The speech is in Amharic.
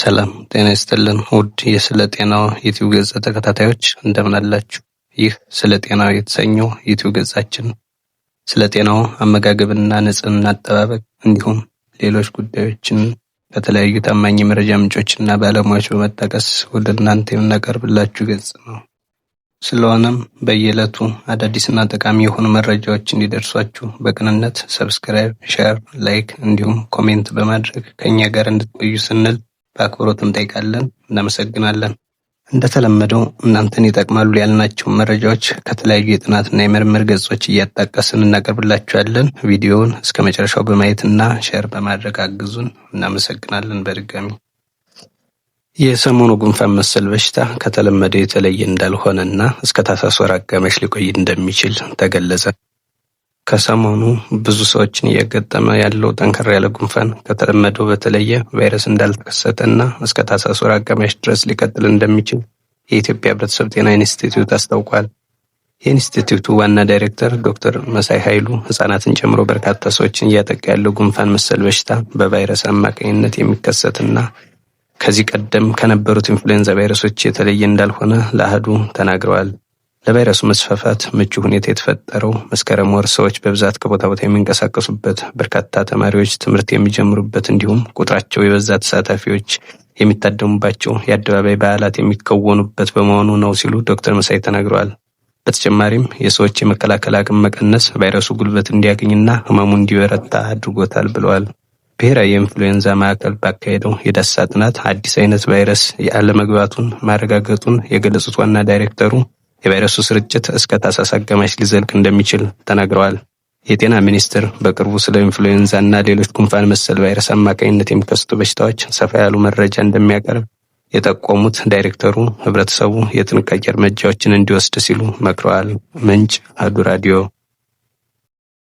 ሰላም ጤና ይስጥልን ውድ የስለ ጤናው ዩቲዩብ ገጽ ተከታታዮች እንደምን አላችሁ? ይህ ስለ ጤናው የተሰኘው ዩቲዩብ ገጻችን ስለ ጤናው አመጋገብና ንጽህና አጠባበቅ እንዲሁም ሌሎች ጉዳዮችን በተለያዩ ታማኝ መረጃ ምንጮችና ባለሙያዎች በመጠቀስ ወደ እናንተ የምናቀርብላችሁ ገጽ ነው። ስለሆነም በየዕለቱ አዳዲስና ጠቃሚ የሆኑ መረጃዎች እንዲደርሷችሁ በቅንነት ሰብስክራይብ፣ ሼር፣ ላይክ እንዲሁም ኮሜንት በማድረግ ከእኛ ጋር እንድትቆዩ ስንል በአክብሮት እንጠይቃለን። እናመሰግናለን። እንደተለመደው እናንተን ይጠቅማሉ ያልናቸው መረጃዎች ከተለያዩ የጥናትና የምርምር ገጾች እያጣቀስን እናቀርብላችኋለን። ቪዲዮውን እስከ መጨረሻው በማየትና ሼር በማድረግ አግዙን። እናመሰግናለን በድጋሚ። የሰሞኑ ጉንፋን መሰል በሽታ ከተለመደው የተለየ እንዳልሆነና እስከ ታህሳስ ወር አጋማሽ ሊቆይ እንደሚችል ተገለጸ። ከሰሞኑ ብዙ ሰዎችን እየገጠመ ያለው ጠንከር ያለ ጉንፋን ከተለመደው በተለየ ቫይረስ እንዳልተከሰተ እና እስከ ታህሳስ ወር አጋማሽ ድረስ ሊቀጥል እንደሚችል የኢትዮጵያ ሕብረተሰብ ጤና ኢንስቲትዩት አስታውቋል። የኢንስቲትዩቱ ዋና ዳይሬክተር ዶክተር መሳይ ኃይሉ ህጻናትን ጨምሮ በርካታ ሰዎችን እያጠቃ ያለው ጉንፋን መሰል በሽታ በቫይረስ አማካኝነት የሚከሰትና ከዚህ ቀደም ከነበሩት ኢንፍሉዌንዛ ቫይረሶች የተለየ እንዳልሆነ ለአህዱ ተናግረዋል። ለቫይረሱ መስፋፋት ምቹ ሁኔታ የተፈጠረው መስከረም ወር ሰዎች በብዛት ከቦታ ቦታ የሚንቀሳቀሱበት፣ በርካታ ተማሪዎች ትምህርት የሚጀምሩበት እንዲሁም ቁጥራቸው የበዛ ተሳታፊዎች የሚታደሙባቸው የአደባባይ በዓላት የሚከወኑበት በመሆኑ ነው ሲሉ ዶክተር መሳይ ተናግረዋል። በተጨማሪም የሰዎች የመከላከል አቅም መቀነስ ቫይረሱ ጉልበት እንዲያገኝና ህመሙ እንዲበረታ አድርጎታል ብለዋል። ብሔራዊ የኢንፍሉዌንዛ ማዕከል ባካሄደው የዳሳ ጥናት አዲስ አይነት ቫይረስ የአለመግባቱን ማረጋገጡን የገለጹት ዋና ዳይሬክተሩ የቫይረሱ ስርጭት እስከ ታህሳስ አጋማሽ ሊዘልቅ እንደሚችል ተናግረዋል። የጤና ሚኒስቴር በቅርቡ ስለ ኢንፍሉዌንዛ እና ሌሎች ጉንፋን መሰል ቫይረስ አማካኝነት የሚከሰቱ በሽታዎች ሰፋ ያሉ መረጃ እንደሚያቀርብ የጠቆሙት ዳይሬክተሩ ህብረተሰቡ የጥንቃቄ እርምጃዎችን እንዲወስድ ሲሉ መክረዋል። ምንጭ አዱ ራዲዮ